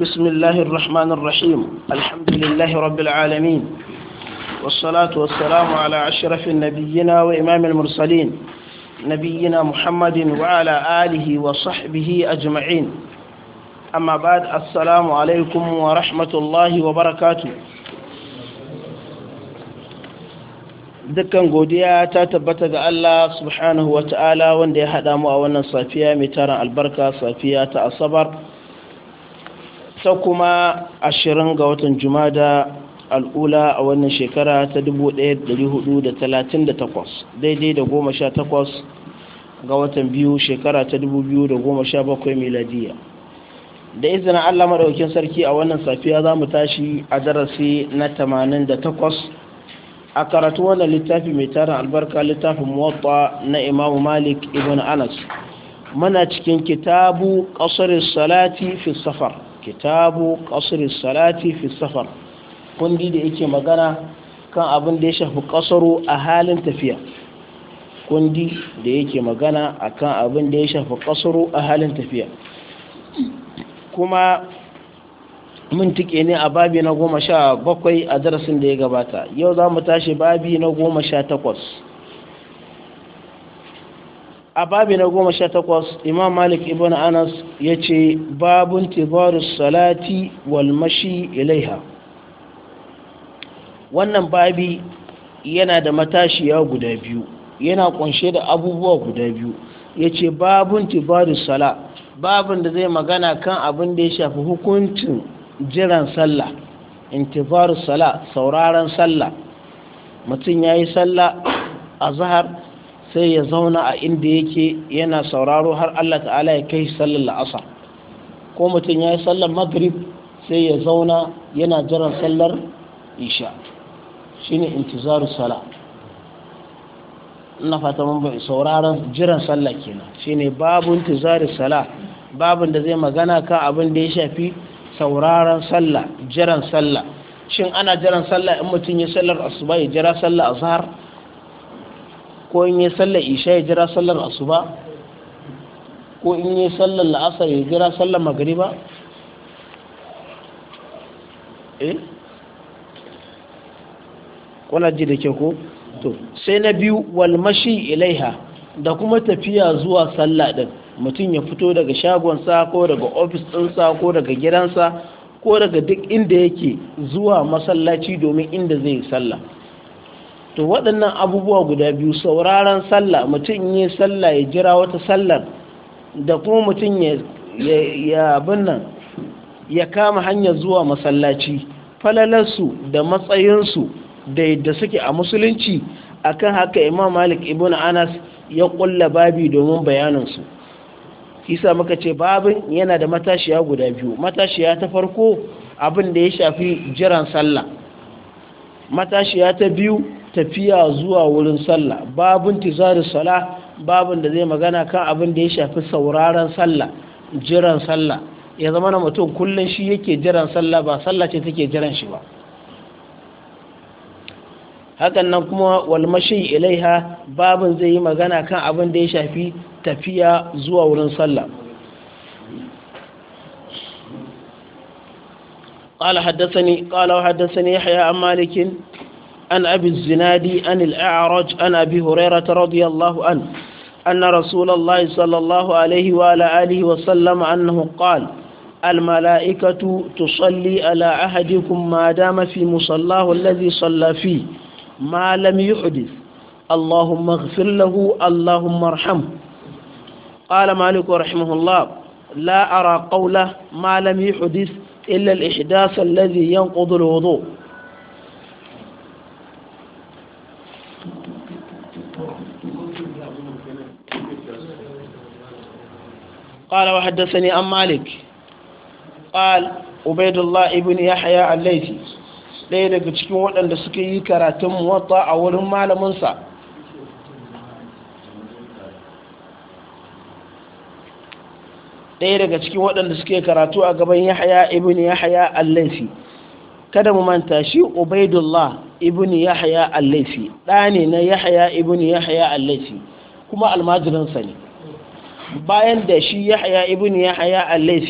بسم الله الرحمن الرحيم الحمد لله رب العالمين والصلاة والسلام على أشرف النبيين وإمام المرسلين نبينا محمد وعلى آله وصحبه أجمعين أما بعد السلام عليكم ورحمة الله وبركاته dukkan godiya ta tabbata ga Allah subhanahu wa ta'ala wanda ya haɗa mu a wannan safiya mai taron albarka safiya ta asabar ta kuma ashirin ga watan jumada al'ula a wannan shekara ta 1438 daidai da goma sha takwas ga watan biyu shekara ta 2017 miladiya da izinin allah maɗaukin sarki a wannan safiya za mu tashi a darasi na 88 a karatu wannan littafi mai tarin albarka littafin muwatta na Imam malik ibn anas muna cikin kitabu ƙasar salati fi safar kitabu qasri salati fi safar kundi da yake magana kan abin da ya shafi kasaro a halin tafiya kundi da yake magana akan abin da ya shafi kasaro a halin tafiya kuma mun tike ne a babi na goma sha bakwai a darasin da ya gabata yau za mu tashi babi na goma sha takwas a babi na goma sha takwas imam malik ibn anas ya ce babun tibarus salati wal mashi ilaiha wannan babi yana da matashiya guda biyu yana kunshe da abubuwa guda biyu ya ce babun tibarus sala babin da zai magana kan abin da ya shafi hukuncin jiran sallah intibarus sala sauraron sallah mutum ya yi sallah a zahar sai ya zauna a inda yake yana sauraro har Allah ta'ala ya kai sallar la'asar ko mutum ya yi sallar maghrib sai ya zauna yana jiran sallar isha shine intizaru sala ina fata mun bai sauraron jiran sallah kenan shine babu intizaru sala babin da zai magana ka abin da ya shafi sauraron sallah jiran sallah shin ana jiran sallah in mutum ya sallar asuba ya jira sallah azhar ko in yi sallar isha ya jira sallar asuba ko in yi sallar la'asar ya jira sallar magariba eh kuna ji da ke ko to sai na biyu walmashi ilaiha da kuma tafiya zuwa sallah din mutum ya fito daga shagonsa ko daga ofis ɗinsa ko daga gidansa ko daga duk inda yake zuwa masallaci domin inda zai sallah to waɗannan abubuwa guda biyu sauraron sallah mutum yi sallah ya jira wata sallar da kuma mutum ya nan ya kama hanyar zuwa masallaci falalarsu da matsayinsu da yadda suke a musulunci akan haka imam malik ibn anas ya ƙulla babi domin bayaninsu kisa muka ce babin yana da matashiya guda biyu matashiya ta farko abin da ya shafi jiran sallah matashiya ta biyu tafiya zuwa wurin sallah babun tizari sala babun da zai magana kan abin da ya shafi sauraron sallah jiran sallah ya zama na mutum kullum shi yake jiran sallah ba sallah ce take jiran shi ba hakan nan kuma walmashi ilaiha babin zai yi magana kan abin da ya shafi tafiya zuwa wurin sallah قال حدثني قال وحدثني يحيى عن مالك عن أبي الزنادي عن الأعرج عن أبي هريرة رضي الله عنه أن رسول الله صلى الله عليه وعلى آله وسلم أنه قال الملائكة تصلي على أحدكم ما دام في مصلاه الذي صلى فيه ما لم يحدث اللهم اغفر له اللهم ارحمه قال مالك رحمه الله لا أرى قوله ما لم يحدث إلا الإحداث الذي ينقض الوضوء قال وحدثني عن مالك قال عبيد الله ابن يحيى الليثي ɗaya daga cikin waɗanda suka yi karatun muwatta a wurin malaminsa ɗaya daga cikin waɗanda suke karatu a gaban Yahaya ibn Yahaya al-laifi kada mu manta shi ubaidullah ibn yahya al-laifi ɗa ne na Yahaya ibn Yahaya al-laifi kuma almajirinsa ne bayan da shi Yahaya ibn Yahaya al-laifi